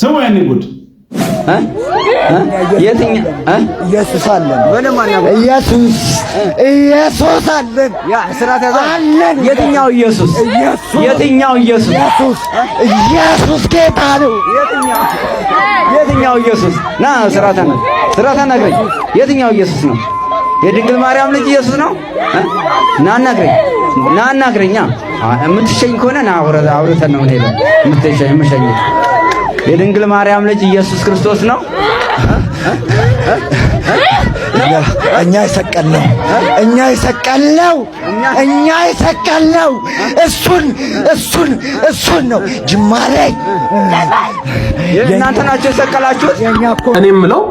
ስሙ ያኔ ጉድ የትኛው ኢየሱስ የትኛው ኢየሱስ ኢየሱስ ጌታ ነው የትኛው ኢየሱስ ና ነግረኝ የትኛው ኢየሱስ ነው የድንግል ማርያም ልጅ ኢየሱስ ነው ና ነግረኝ ና ነግረኛ የምትሸኝ ከሆነ ና ነው የምትሸኝ የድንግል ማርያም ልጅ ኢየሱስ ክርስቶስ ነው። እኛ የሰቀልነው እኛ የሰቀልነው እኛ የሰቀልነው እሱን እሱን እሱን ነው ጅማሬ። እናንተ ናቸው የሰቀላችሁት። እኔ የምለው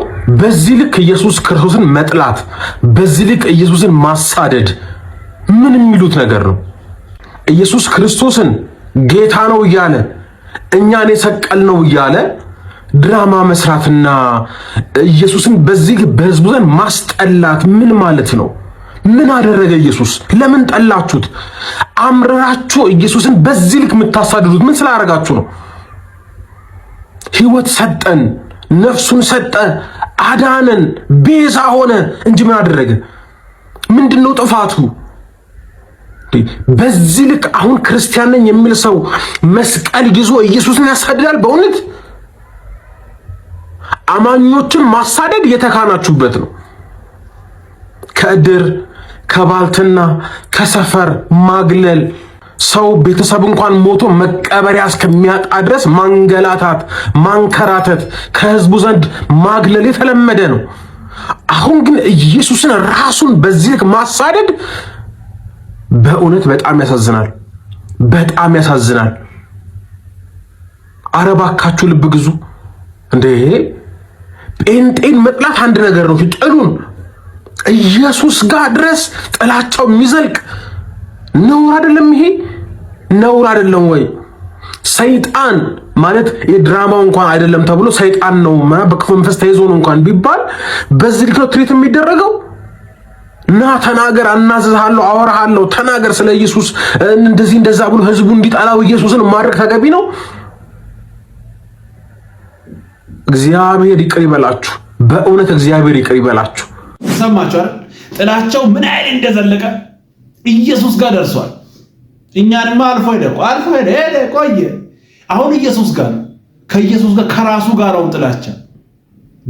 በዚህ ልክ ኢየሱስ ክርስቶስን መጥላት፣ በዚህ ልክ ኢየሱስን ማሳደድ ምን የሚሉት ነገር ነው? ኢየሱስ ክርስቶስን ጌታ ነው እያለ እኛን የሰቀል ነው እያለ ድራማ መስራትና ኢየሱስን በዚህ በህዝቡ ዘንድ ማስጠላት ምን ማለት ነው? ምን አደረገ ኢየሱስ? ለምን ጠላችሁት? አምረራችሁ ኢየሱስን በዚህ ልክ የምታሳድዱት ምን ስላደረጋችሁ ነው? ህይወት ሰጠን፣ ነፍሱን ሰጠ፣ አዳነን፣ ቤዛ ሆነ እንጂ ምን አደረገ? ምንድነው ነው ጥፋቱ? በዚህ ልክ አሁን ክርስቲያን ነኝ የሚል ሰው መስቀል ይዞ ኢየሱስን ያሳድዳል። በእውነት አማኞችን ማሳደድ የተካናችሁበት ነው። ከእድር ከባልትና ከሰፈር ማግለል ሰው ቤተሰብ እንኳን ሞቶ መቀበሪያ እስከሚያጣ ድረስ ማንገላታት፣ ማንከራተት፣ ከህዝቡ ዘንድ ማግለል የተለመደ ነው። አሁን ግን ኢየሱስን ራሱን በዚህ ማሳደድ በእውነት በጣም ያሳዝናል። በጣም ያሳዝናል። አረ ልብ ግዙ እንዴ! ጴንጤን መጥላት አንድ ነገር ነው። ጥሉን ኢየሱስ ጋር ድረስ ጥላቻው የሚዘልቅ ነውር አይደለም። ይሄ ነውር አይደለም ወይ? ሰይጣን ማለት የድራማው እንኳን አይደለም ተብሎ ሰይጣን ነው በክፉ መንፈስ ተይዞ ነው እንኳን ቢባል በዚህ ልክ ነው ትርኢት የሚደረገው። ና ተናገር፣ አናዝዝሃለሁ፣ አወራሃለሁ፣ ተናገር ስለ ኢየሱስ እንደዚህ እንደዛ ብሎ ህዝቡ እንዲጠላው ኢየሱስን ማድረግ ተገቢ ነው? እግዚአብሔር ይቅር ይበላችሁ። በእውነት እግዚአብሔር ይቅር ይበላችሁ። ሰማችሁ አይደል? ጥላቸው ምን አይል እንደዘለቀ ኢየሱስ ጋር ደርሷል። እኛንማ አልፎ ሄደ አልፎ ሄደ ሄደ ቆየ። አሁን ኢየሱስ ጋር ከኢየሱስ ጋር ከራሱ ጋር ነው ጥላቸው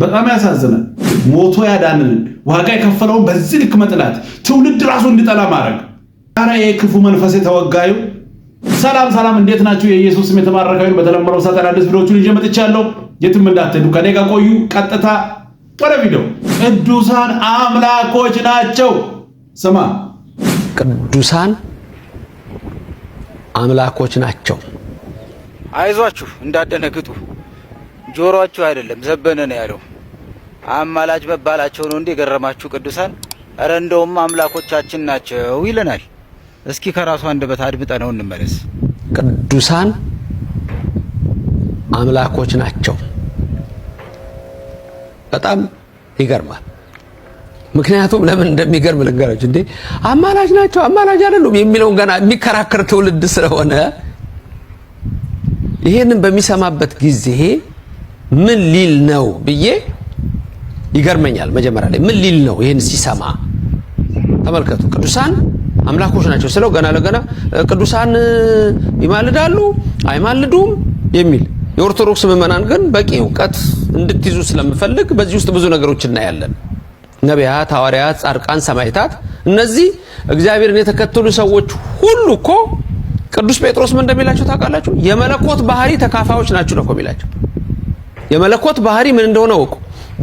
በጣም ያሳዝናል። ሞቶ ያዳንን ዋጋ የከፈለውን በዚህ ልክ መጥላት፣ ትውልድ ራሱ እንዲጠላ ማድረግ። ኧረ የክፉ መንፈስ የተወጋዩ ሰላም ሰላም፣ እንዴት ናችሁ? የኢየሱስ ስም የተባረካችሁ። በተለመደው ሳጠን አዲስ ቪዲዮዎችን ይዤ መጥቻለሁ። የትም እንዳትሄዱ፣ ከኔ ጋር ቆዩ። ቀጥታ ወደ ቪዲዮ። ቅዱሳን አምላኮች ናቸው። ስማ፣ ቅዱሳን አምላኮች ናቸው። አይዟችሁ እንዳደነግጡ ጆሮአችሁ አይደለም ዘበነ ነው ያለው። አማላጅ መባላቸው ነው እንዴ የገረማችሁ ቅዱሳን? እረ እንደውም አምላኮቻችን ናቸው ይለናል። እስኪ ከራሱ አንደበት አድምጠ ነው እንመለስ። ቅዱሳን አምላኮች ናቸው። በጣም ይገርማል። ምክንያቱም ለምን እንደሚገርም ልንገራችሁ እንዴ። አማላጅ ናቸው አማላጅ አይደሉም የሚለውን ገና የሚከራከር ትውልድ ስለሆነ ይህንን በሚሰማበት ጊዜ ምን ሊል ነው ብዬ ይገርመኛል። መጀመሪያ ላይ ምን ሊል ነው ይህን ሲሰማ ተመልከቱ። ቅዱሳን አምላኮች ናቸው ስለው ገና ለገና ቅዱሳን ይማልዳሉ አይማልዱም የሚል የኦርቶዶክስ ምዕመናን ግን በቂ እውቀት እንድትይዙ ስለምፈልግ በዚህ ውስጥ ብዙ ነገሮች እናያለን። ነቢያት፣ ሐዋርያት፣ ጻድቃን፣ ሰማይታት እነዚህ እግዚአብሔርን የተከተሉ ሰዎች ሁሉ እኮ ቅዱስ ጴጥሮስ ምን እንደሚላቸው ታውቃላችሁ? የመለኮት ባህሪ ተካፋዮች ናችሁ ነው እኮ የሚላቸው። የመለኮት ባህሪ ምን እንደሆነ ወቁ።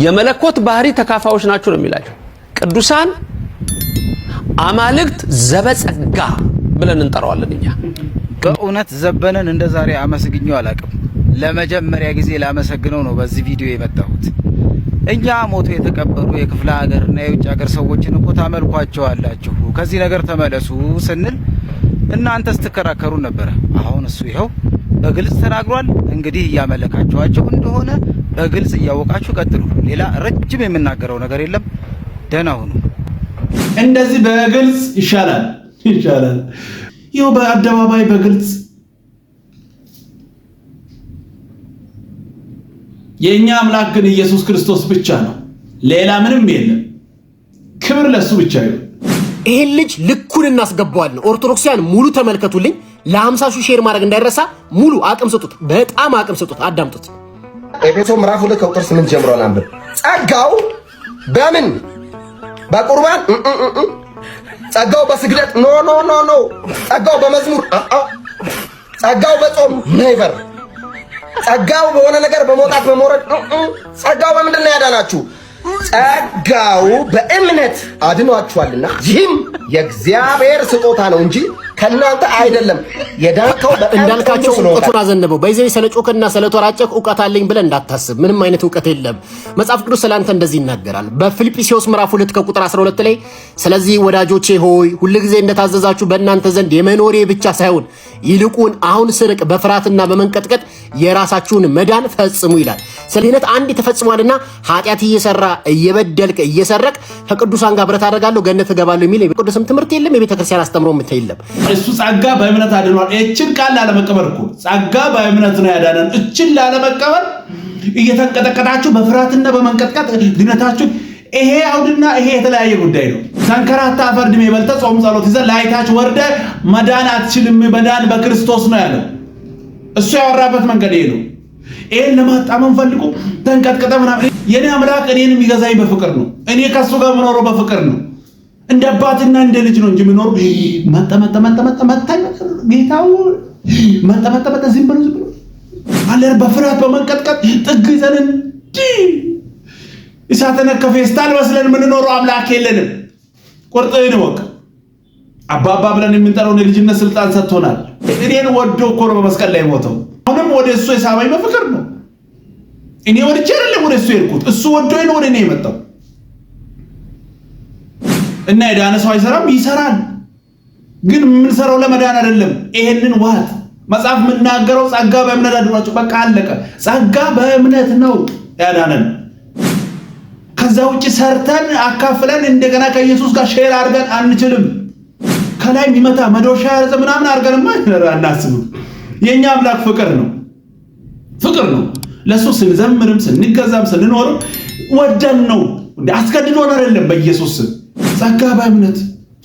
የመለኮት ባህሪ ተካፋዮች ናችሁ ነው የሚላቸው። ቅዱሳን አማልክት ዘበጸጋ ብለን እንጠራዋለን እኛ። በእውነት ዘበነን እንደ ዛሬ አመስግኘው አላቅም። ለመጀመሪያ ጊዜ ላመሰግነው ነው በዚህ ቪዲዮ የመጣሁት። እኛ ሞቶ የተቀበሩ የክፍለ ሀገር ና የውጭ ሀገር ሰዎችን እኮ ታመልኳቸዋላችሁ ከዚህ ነገር ተመለሱ ስንል እናንተ ስትከራከሩ ነበረ። አሁን እሱ ይኸው በግልጽ ተናግሯል። እንግዲህ እያመለካችኋቸው እንደሆነ በግልጽ እያወቃችሁ ቀጥሉ። ሌላ ረጅም የምናገረው ነገር የለም። ደህና ሁኑ። እንደዚህ በግልጽ ይሻላል ይሻላል። ይኸው በአደባባይ በግልጽ የእኛ አምላክ ግን ኢየሱስ ክርስቶስ ብቻ ነው፣ ሌላ ምንም የለም። ክብር ለሱ ብቻ ይሁን። ይህን ልጅ ልኩን እናስገባዋለን። ኦርቶዶክሳን ሙሉ ተመልከቱልኝ። ለ50 ሺህ ሼር ማድረግ እንዳይረሳ ሙሉ አቅም ስጡት። በጣም አቅም ስጡት። አዳምጡት። ኤፌሶ ምዕራፍ 2 ከቁጥር 8 ጀምሮ አንብብ። ጸጋው በምን በቁርባን ጸጋው በስግደት ኖ ኖ ኖ ኖ ጸጋው በመዝሙር ጸጋው በጾም ነይበር ጸጋው በሆነ ነገር በመውጣት በመውረድ ጸጋው በምንድን ነው ያዳናችሁ? ጸጋው በእምነት አድኗችኋልና ይህም የእግዚአብሔር ስጦታ ነው እንጂ ከእናንተ አይደለም የዳካው እንዳልካቸው እውቀቱን አዘንበው በይዘው ሰለጮክና ሰለተራጨክ እውቀት አለኝ ብለህ እንዳታስብ። ምንም አይነት እውቀት የለም። መጽሐፍ ቅዱስ ስላንተ እንደዚህ ይናገራል። በፊልጵስዩስ ምዕራፍ 2 ከቁጥር 12 ላይ ስለዚህ ወዳጆቼ ሆይ ሁልጊዜ እንደታዘዛችሁ በእናንተ ዘንድ የመኖሬ ብቻ ሳይሆን ይልቁን አሁን ስርቅ በፍርሃትና በመንቀጥቀጥ የራሳችሁን መዳን ፈጽሙ ይላል። ስለዚህ አንድ ተፈጽሟልና ኃጢአት እየሰራ እየበደልክ እየሰረቅ ከቅዱሳን ጋር ብረት አደርጋለሁ ገነት እገባለሁ የሚል የቅዱስም ትምህርት የለም። የቤተክርስቲያን አስተምሮ የለም። እሱ ጸጋ በእምነት አድኗል። እችን ቃል ላለመቀበል እኮ ጸጋ በእምነት ነው ያዳነን። እችን ላለመቀበል እየተንቀጠቀጣችሁ በፍርሃትና በመንቀጥቀጥ ድነታችሁ ይሄ አውድና ይሄ የተለያየ ጉዳይ ነው። ሰንከራታ አፈር ድሜ በልተ ጾም ጸሎት ይዘ ላይታች ወርደ መዳን አትችልም። መዳን በክርስቶስ ነው ያለው። እሱ ያወራበት መንገድ ይሄ ነው። ይሄን ለማጣመም ፈልጎ ተንቀጥቀጠ ምናምን። የኔ አምላክ እኔን የሚገዛኝ በፍቅር ነው። እኔ ከሱ ጋር የምኖረው በፍቅር ነው። እንደ አባትና እንደ ልጅ ነው እንጂ ምኖር መጠ ጌታው ዝም ብሎ ዝም ብሎ በመንቀጥቀጥ ጥግ ይዘን እንዲህ እሳተ አምላክ አባባ ብለን የምንጠራውን የልጅነት ስልጣን ሰጥቶናል። እኔን ወዶ እኮ በመስቀል ላይ ሞተው። አሁንም ወደ እሱ የሳባኝ ነው። እኔ ወድጄ አይደለም ወደ እሱ የሄድኩት፣ እሱ ወዶኝ ወደ እኔ እና የዳነ ሰው አይሰራም፣ ይሰራል። ግን የምንሰራው ለመዳን አይደለም። ይሄንን ዋት መጽሐፍ የምናገረው ጸጋ በእምነት አድሯቸው፣ በቃ አለቀ። ጸጋ በእምነት ነው ያዳነን። ከዛ ውጭ ሰርተን አካፍለን እንደገና ከኢየሱስ ጋር ሼር አድርገን አንችልም። ከላይ የሚመታ መዶሻ ያዘ ምናምን አድርገንማ አናስብም። የእኛ አምላክ ፍቅር ነው፣ ፍቅር ነው። ለእሱ ስንዘምርም ስንገዛም ስንኖርም ወደን ነው እንደ አስገድዶን አይደለም። በኢየሱስ ጸጋ በእምነት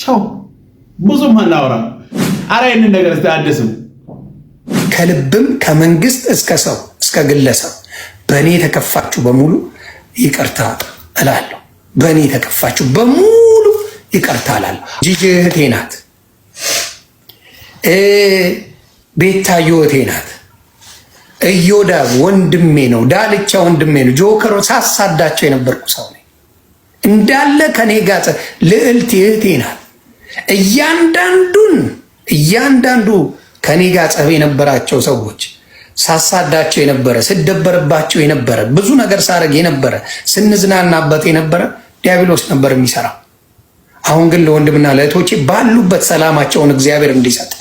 ቻው። ብዙም አናወራ። አረ ይህንን ነገር አደስም ከልብም ከመንግስት እስከ ሰው እስከ ግለሰብ በእኔ የተከፋችሁ በሙሉ ይቅርታ እላለሁ። በእኔ የተከፋችሁ በሙሉ ይቅርታ እላለሁ። ጂጂ እህቴ ናት። ቤታዬ እህቴ ናት። እዮዳብ ወንድሜ ነው። ዳልቻ ወንድሜ ነው። ጆከሮ ሳሳዳቸው የነበርኩ ሰው ነው። እንዳለ ከኔ ጋር ልዕልት እህቴ ናት። እያንዳንዱን እያንዳንዱ ከኔ ጋር ጸብ የነበራቸው ሰዎች ሳሳዳቸው የነበረ ስደበርባቸው የነበረ ብዙ ነገር ሳረግ የነበረ ስንዝናናበት የነበረ ዲያብሎስ ነበር የሚሰራው። አሁን ግን ለወንድምና ለእህቶቼ ባሉበት ሰላማቸውን እግዚአብሔር እንዲሰጥ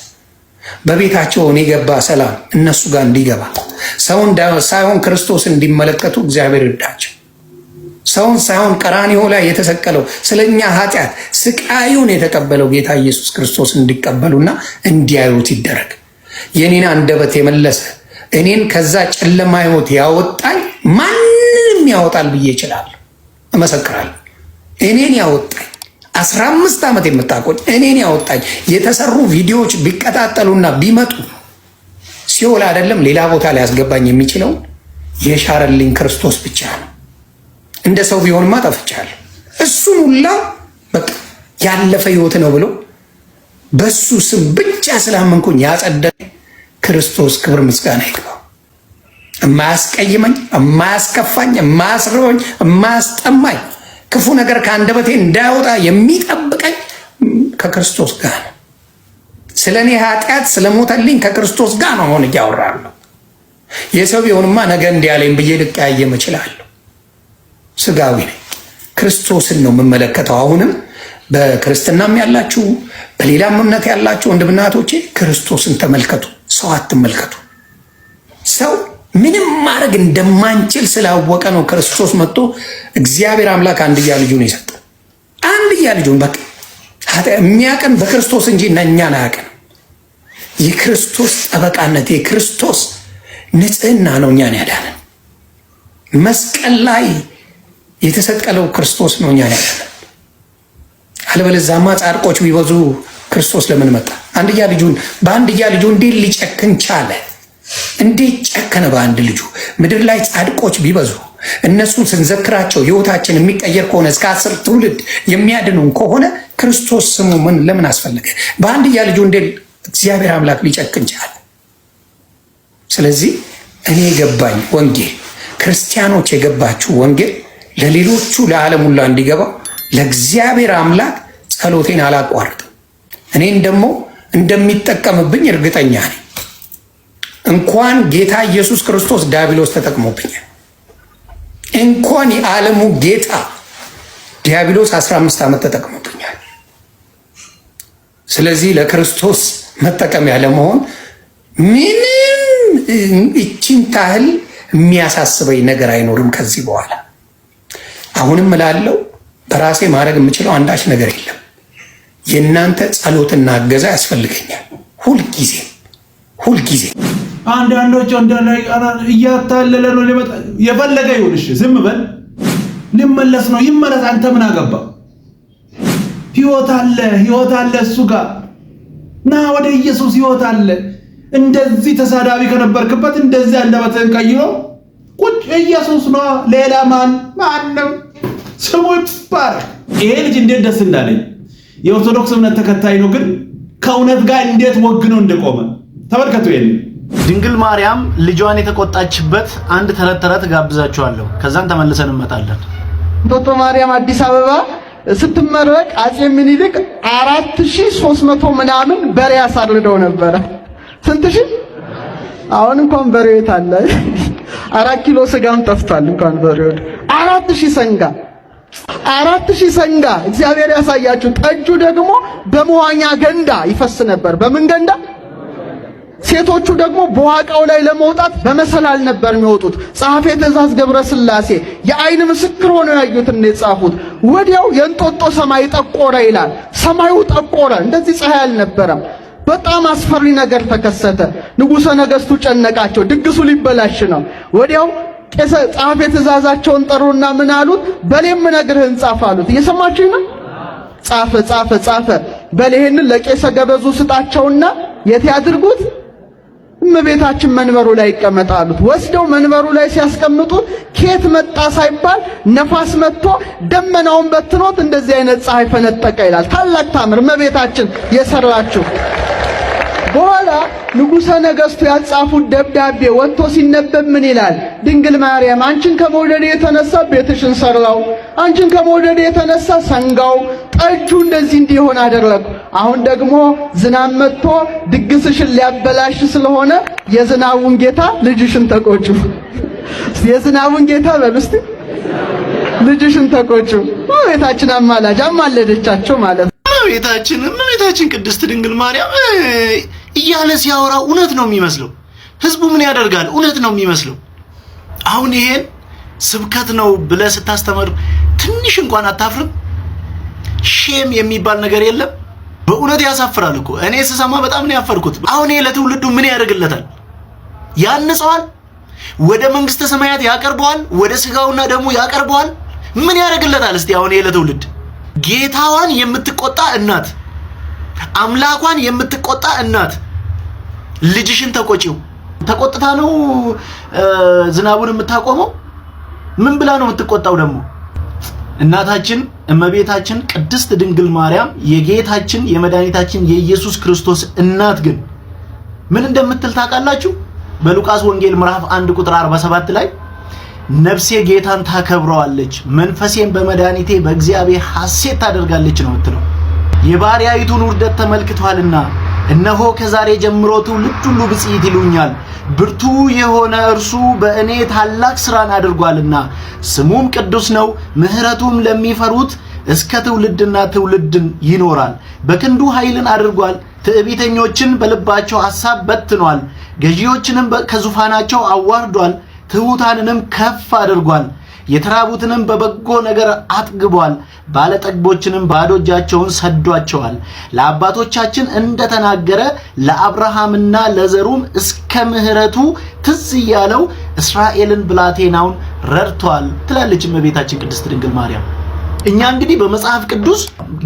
በቤታቸውን የገባ ሰላም እነሱ ጋር እንዲገባ ሰውን ሳይሆን ክርስቶስ እንዲመለከቱ እግዚአብሔር ይርዳቸው። ሰውን ሳይሆን ቀራኒዮ ላይ የተሰቀለው ስለኛ ኃጢአት ስቃዩን የተቀበለው ጌታ ኢየሱስ ክርስቶስ እንዲቀበሉና እንዲያዩት ይደረግ። የኔን አንደበት የመለሰ እኔን ከዛ ጨለማ ሕይወት ያወጣኝ ማንንም ያወጣል ብዬ እችላለሁ፣ እመሰክራለሁ። እኔን ያወጣኝ አስራ አምስት ዓመት የምታቆኝ እኔን ያወጣኝ የተሰሩ ቪዲዮዎች ቢቀጣጠሉና ቢመጡ ሲኦል አይደለም ሌላ ቦታ ሊያስገባኝ የሚችለውን የሻረልኝ ክርስቶስ ብቻ ነው። እንደ ሰው ቢሆንማ ጠፍቻለሁ። እሱን ሁላ በቃ ያለፈ ህይወት ነው ብሎ በሱ ስም ብቻ ስላመንኩኝ ያጸደቀኝ ክርስቶስ ክብር ምስጋና ይግባው። የማያስቀይመኝ፣ የማያስከፋኝ፣ የማያስርበኝ፣ የማያስጠማኝ ክፉ ነገር ከአንደበቴ እንዳያወጣ የሚጠብቀኝ ከክርስቶስ ጋር ነው። ስለ እኔ ኃጢአት ስለሞተልኝ ከክርስቶስ ጋር ነው አሁን እያወራለሁ። የሰው ቢሆንማ ነገ እንዲያለኝ ብዬ ልቀያየም እችላለሁ። ስጋዊ ነኝ። ክርስቶስን ነው የምመለከተው። አሁንም በክርስትናም ያላችሁ በሌላም እምነት ያላችሁ ወንድምናቶቼ ክርስቶስን ተመልከቱ፣ ሰው አትመልከቱ። ሰው ምንም ማድረግ እንደማንችል ስላወቀ ነው ክርስቶስ መጥቶ እግዚአብሔር አምላክ አንድያ ልጁን የሰጠ አንድያ ልጁን በቃ የሚያቀን በክርስቶስ እንጂ እኛን አያቀን። የክርስቶስ ጠበቃነት የክርስቶስ ንጽህና ነው እኛን ያዳነን መስቀል ላይ የተሰቀለው ክርስቶስ ነው እኛን ያለ። አለበለዚያማ ጻድቆች ቢበዙ ክርስቶስ ለምን መጣ? አንድያ ልጁን በአንድያ ልጁ እንዴት ሊጨክን ቻለ? እንዴት ጨከነ? በአንድ ልጁ ምድር ላይ ጻድቆች ቢበዙ እነሱን ስንዘክራቸው ሕይወታችን የሚቀየር ከሆነ እስከ አስር ትውልድ የሚያድኑን ከሆነ ክርስቶስ ስሙ ምን ለምን አስፈለገ? በአንድያ ልጁ እንዴት እግዚአብሔር አምላክ ሊጨክን ቻለ? ስለዚህ እኔ የገባኝ ወንጌል ክርስቲያኖች የገባችሁ ወንጌል ለሌሎቹ ለዓለም ሁላ እንዲገባ ለእግዚአብሔር አምላክ ጸሎቴን አላቋርጥም። እኔን ደግሞ እንደሚጠቀምብኝ እርግጠኛ ነኝ። እንኳን ጌታ ኢየሱስ ክርስቶስ ዲያብሎስ ተጠቅሞብኛል። እንኳን የዓለሙ ጌታ ዲያብሎስ 15 ዓመት ተጠቅሞብኛል። ስለዚህ ለክርስቶስ መጠቀሚያ ለመሆን ምንም እቺን ታህል የሚያሳስበኝ ነገር አይኖርም ከዚህ በኋላ። አሁንም እላለሁ በራሴ ማድረግ የምችለው አንዳች ነገር የለም። የእናንተ ጸሎትና እገዛ ያስፈልገኛል። ሁልጊዜ ሁልጊዜ አንዳንዶች እያታለለ ነው የፈለገ ይሁን እሺ፣ ዝም በል ሊመለስ ነው ይመለስ። አንተ ምን አገባ? ህይወት አለ፣ ህይወት አለ እሱ ጋር ና ወደ ኢየሱስ ህይወት አለ። እንደዚህ ተሳዳቢ ከነበርክበት እንደዚህ አንደበትህን ቀይሮ ቁጭ ኢየሱስ ነው። ሌላ ማን ማንም ስሙ ይባረክ። ይሄ ልጅ እንዴት ደስ እንዳለኝ። የኦርቶዶክስ እምነት ተከታይ ነው፣ ግን ከእውነት ጋር እንዴት ወግኖ እንደቆመ ተመልከቱ። ይሄን ድንግል ማርያም ልጇን የተቆጣችበት አንድ ተረት ተረት ጋብዛችኋለሁ። ከዛን ተመልሰን እንመጣለን። ቶቶ ማርያም አዲስ አበባ ስትመረቅ አጼ ምኒልክ 4300 ምናምን በሬ አሳርደው ነበረ። ስንት ሺህ? አሁን እንኳን በሬ የት አለ? አራት ኪሎ ስጋም ጠፍቷል። እንኳን በሪዮድ አራት ሺህ ሰንጋ አራት ሺህ ሰንጋ እግዚአብሔር ያሳያችሁ። ጠጁ ደግሞ በመዋኛ ገንዳ ይፈስ ነበር። በምን ገንዳ? ሴቶቹ ደግሞ በዋቃው ላይ ለመውጣት በመሰላል ነበር የሚወጡት። ጸሐፌ ትእዛዝ ገብረ ስላሴ የአይን ምስክር ሆነው ያዩትን የጻፉት። ወዲያው የእንጦጦ ሰማይ ጠቆረ ይላል። ሰማዩ ጠቆረ፣ እንደዚህ ፀሐይ አልነበረም። በጣም አስፈሪ ነገር ተከሰተ። ንጉሠ ነገሥቱ ጨነቃቸው፣ ድግሱ ሊበላሽ ነው። ወዲያው ቄሰ ጻፌ ትእዛዛቸውን ጠሩና ምን አሉት? በሌም ነግርህን ጻፍ አሉት። እየሰማችሁ ነው። ጻፈ ጻፈ ጻፈ። በሌህን ለቄሰ ገበዙ ስጣቸውና የት ያድርጉት? እመቤታችን መንበሩ ላይ ይቀመጣሉት። ወስደው መንበሩ ላይ ሲያስቀምጡት ኬት መጣ ሳይባል ነፋስ መጥቶ ደመናውን በትኖት እንደዚህ አይነት ፀሐይ ፈነጠቀ ይላል። ታላቅ ታምር እመቤታችን የሰራችሁ ንጉሠ ነገሥቱ ያጻፉት ደብዳቤ ወጥቶ ሲነበብ ምን ይላል? ድንግል ማርያም አንቺን ከመውደድ የተነሳ ቤትሽን ሰርላው፣ አንቺን ከመውደድ የተነሳ ሰንጋው ጠጁ እንደዚህ እንዲሆን አደረግ። አሁን ደግሞ ዝናብ መጥቶ ድግስሽን ሊያበላሽ ስለሆነ የዝናቡን ጌታ ልጅሽን ተቆጩ። የዝናቡን ጌታ በምስቲ ልጅሽን ተቆጩ። እመቤታችን አማላጅ አማለደቻቸው ማለት ነው። እመቤታችን እመቤታችን ቅድስት ድንግል ማርያም እያለ ሲያወራ እውነት ነው የሚመስለው። ህዝቡ ምን ያደርጋል? እውነት ነው የሚመስለው። አሁን ይሄን ስብከት ነው ብለህ ስታስተምር ትንሽ እንኳን አታፍርም? ሼም የሚባል ነገር የለም? በእውነት ያሳፍራል እኮ እኔ ስሰማ በጣም ነው ያፈርኩት። አሁን ይሄ ለትውልዱ ምን ያደርግለታል? ያንጸዋል? ወደ መንግስተ ሰማያት ያቀርበዋል? ወደ ስጋውና ደሙ ያቀርበዋል? ምን ያደርግለታል? እስቲ አሁን ይሄ ለትውልድ ጌታዋን የምትቆጣ እናት አምላኳን የምትቆጣ እናት ልጅሽን ተቆጪው። ተቆጥታ ነው ዝናቡን የምታቆመው? ምን ብላ ነው የምትቆጣው ደግሞ? እናታችን እመቤታችን ቅድስት ድንግል ማርያም የጌታችን የመድኃኒታችን የኢየሱስ ክርስቶስ እናት ግን ምን እንደምትል ታውቃላችሁ? በሉቃስ ወንጌል ምዕራፍ 1 ቁጥር 47 ላይ ነፍሴ ጌታን ታከብረዋለች፣ መንፈሴን በመድኃኒቴ በእግዚአብሔር ሐሴት ታደርጋለች ነው የምትለው። የባሪያይቱን ውርደት ተመልክቷልና እነሆ ከዛሬ ጀምሮ ትውልድ ሁሉ ብፅዕት ይሉኛል፣ ብርቱ የሆነ እርሱ በእኔ ታላቅ ሥራን አድርጓልና፣ ስሙም ቅዱስ ነው። ምሕረቱም ለሚፈሩት እስከ ትውልድና ትውልድን ይኖራል። በክንዱ ኃይልን አድርጓል። ትዕቢተኞችን በልባቸው ሐሳብ በትኗል። ገዢዎችንም ከዙፋናቸው አዋርዷል። ትሑታንንም ከፍ አድርጓል። የተራቡትንም በበጎ ነገር አጥግቧል፣ ባለጠግቦችንም ባዶ እጃቸውን ሰዷቸዋል። ለአባቶቻችን እንደተናገረ ለአብርሃምና ለዘሩም እስከ ምሕረቱ ትዝ እያለው እስራኤልን ብላቴናውን ረድቷል ትላለች እመቤታችን ቅድስት ድንግል ማርያም። እኛ እንግዲህ በመጽሐፍ ቅዱስ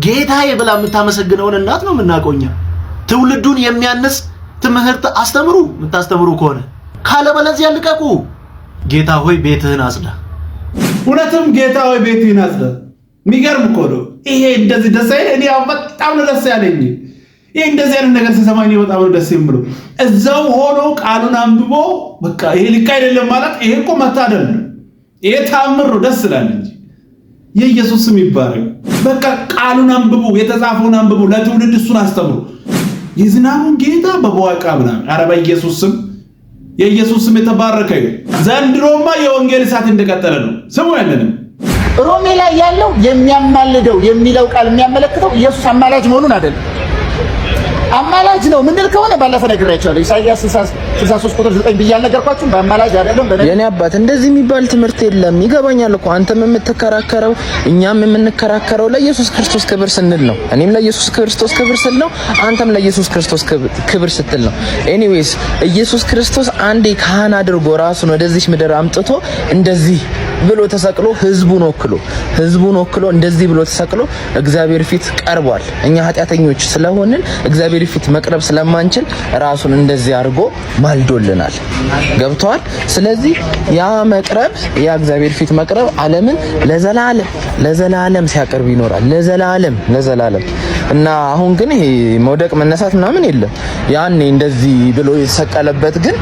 ጌታዬ ብላ የምታመሰግነውን እናት ነው የምናውቀው። ትውልዱን የሚያንስ ትምህርት አስተምሩ የምታስተምሩ ከሆነ ካለበለዚያ ልቀቁ። ጌታ ሆይ ቤትህን አጽዳ እውነትም ጌታ ወይ ቤት ይናጽ የሚገርም እኮ ነው ይሄ። እንደዚህ ደስ አይል። እኔ ያው በጣም ነው ደስ ያለኝ። ይሄ እንደዚህ አይነት ነገር ሲሰማኝ እኔ በጣም ነው ደስ የምለው። እዛው ሆኖ ቃሉን አንብቦ በቃ ይሄ ልክ አይደለም ማለት ይሄ እኮ መታደል ነው። ይሄ ታምር ነው። ደስ ይላል እንጂ የኢየሱስ ስም ይባረክ። በቃ ቃሉን አንብቡ፣ የተጻፈውን አንብቡ፣ ለትውልድ እሱን አስተምሩ። የዝናቡን ጌታ በበዋቃ ምናምን አረባ በኢየሱስ ስም የኢየሱስ ስም የተባረከ ይሁን። ዘንድሮማ የወንጌል እሳት እንደቀጠለ ነው። ስሙ ያለንም ሮሜ ላይ ያለው የሚያማልደው የሚለው ቃል የሚያመለክተው ኢየሱስ አማላጅ መሆኑን አይደለም። አማላጅ ነው ምንል ከሆነ ባለፈ ነግሬያቸዋለሁ ኢሳይያስ 63 ቁጥር 9 ብዬ አልነገርኳችሁም? በአማላጅ አይደለም። የኔ አባት እንደዚህ የሚባል ትምህርት የለም። ይገባኛል እኮ አንተም የምትከራከረው እኛም የምንከራከረው ለኢየሱስ ክርስቶስ ክብር ስንል ነው። እኔም ለኢየሱስ ክርስቶስ ክብር ስል ነው። አንተም ለኢየሱስ ክርስቶስ ክብር ስትል ነው። ኤኒዌይስ ኢየሱስ ክርስቶስ አንዴ ካህን አድርጎ ራሱን ወደዚህ ምድር አምጥቶ እንደዚህ ብሎ ተሰቅሎ ህዝቡን ወክሎ ህዝቡን ወክሎ እንደዚህ ብሎ ተሰቅሎ እግዚአብሔር ፊት ቀርቧል። እኛ ኃጢአተኞች ስለሆንን እግዚአብሔር ፊት መቅረብ ስለማንችል ራሱን እንደዚህ አድርጎ ማልዶልናል። ገብተዋል። ስለዚህ ያ መቅረብ ያ እግዚአብሔር ፊት መቅረብ ዓለምን ለዘላለም ለዘላለም ሲያቀርብ ይኖራል። ለዘላለም ለዘላለም እና አሁን ግን ይሄ መውደቅ መነሳት ምናምን የለም። ያኔ እንደዚህ ብሎ የተሰቀለበት ግን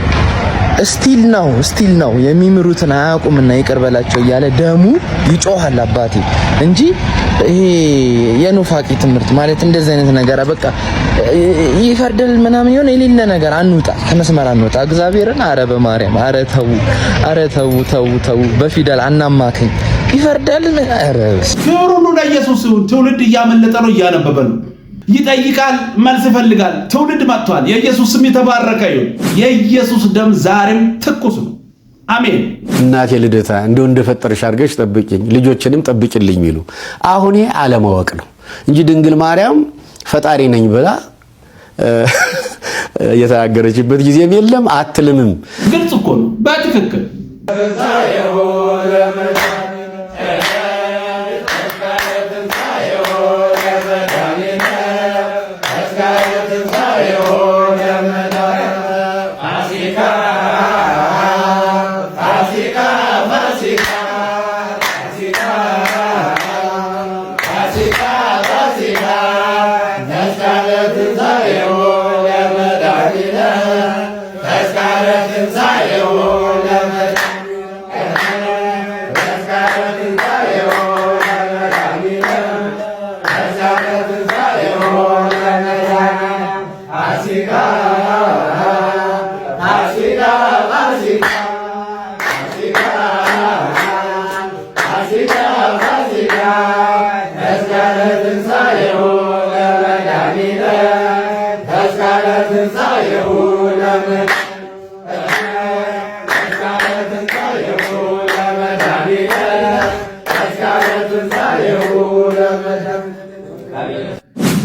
ስቲል ነው ስቲል ነው የሚምሩትን አያውቁምና ይቅር በላቸው እያለ ደሙ ይጮሃል አባቴ እንጂ ይሄ የኑፋቂ ትምህርት ማለት እንደዚህ አይነት ነገር በቃ ይፈርዳል ምናምን የሆነ የሌለ ነገር አንውጣ፣ ከመስመር አንውጣ። እግዚአብሔርን አረ በማርያም አረ ተው፣ አረ ተው፣ ተው፣ ተው። በፊደል አናማከኝ ይፈርዳል። አረ ሁሉ ለኢየሱስ ትውልድ እያመለጠ ነው፣ እያነበበ ነው። ይጠይቃል፣ መልስ ይፈልጋል። ትውልድ መጥቷል። የኢየሱስ ስም የተባረከ ይሁን። የኢየሱስ ደም ዛሬም ትኩስ ነው። አሜን። እናቴ ልደታ እንደው እንደፈጠርሽ አድርገሽ ጠብቂኝ፣ ልጆችንም ጠብቂልኝ ሚሉ አሁን ይሄ አለማወቅ ነው እንጂ ድንግል ማርያም ፈጣሪ ነኝ ብላ የተናገረችበት ጊዜም የለም አትልምም። ግልጽ እኮ ነው በትክክል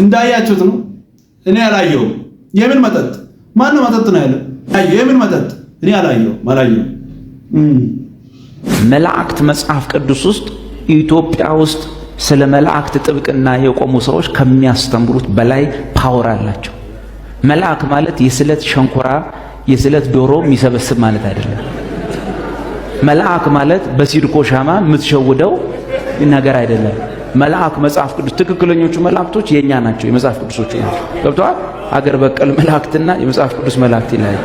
እንዳያችሁት ነው። እኔ አላየሁም። የምን መጠጥ ማነው መጠጥ ነው ያለው? የምን መጠጥ እኔ አላየሁም፣ አላየሁም። መላእክት መጽሐፍ ቅዱስ ውስጥ ኢትዮጵያ ውስጥ ስለ መላእክት ጥብቅና የቆሙ ሰዎች ከሚያስተምሩት በላይ ፓወር አላቸው። መልአክ ማለት የስለት ሸንኮራ የስለት ዶሮ የሚሰበስብ ማለት አይደለም። መልአክ ማለት በሲድኮ ሻማ የምትሸውደው ነገር አይደለም። መልአክ መጽሐፍ ቅዱስ ትክክለኞቹ መላእክቶች የእኛ ናቸው፣ የመጽሐፍ ቅዱሶቹ ናቸው። ገብተዋል። አገር በቀል መላእክትና የመጽሐፍ ቅዱስ መላእክት ይለያል።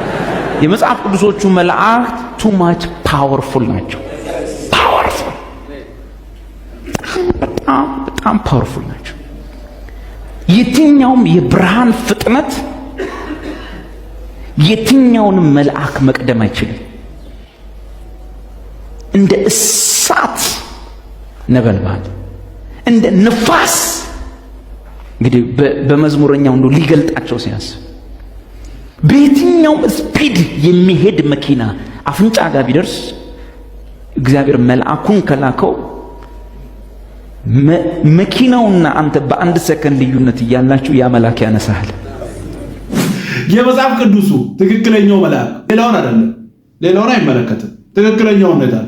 የመጽሐፍ ቅዱሶቹ መላእክት ቱ ማች ፓወርፉል ናቸው። ፓወርፉል በጣም በጣም ፓወርፉል ናቸው። የትኛውም የብርሃን ፍጥነት የትኛውንም መልአክ መቅደም አይችልም። እንደ እሳት ነበልባል እንደ ንፋስ እንግዲህ በመዝሙረኛው እንዶ ሊገልጣቸው ሲያስብ በየትኛውም ስፒድ የሚሄድ መኪና አፍንጫ ጋር ቢደርስ እግዚአብሔር መልአኩን ከላከው መኪናውና አንተ በአንድ ሰከንድ ልዩነት እያላችሁ ያ መልአክ ያነሳል። የመጽሐፍ ቅዱሱ ትክክለኛው መልአክ ሌላውን አይደለም፣ ሌላውን አይመለከትም። ትክክለኛውን ነታል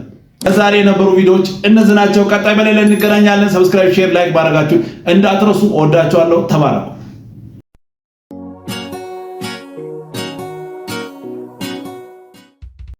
ዛሬ የነበሩ ቪዲዮዎች እነዚህ ናቸው። ቀጣይ በሌላ እንገናኛለን። ሰብስክራይብ፣ ሼር፣ ላይክ ማድረጋችሁ እንዳትረሱ። ወዳችኋለሁ። ተባረኩ።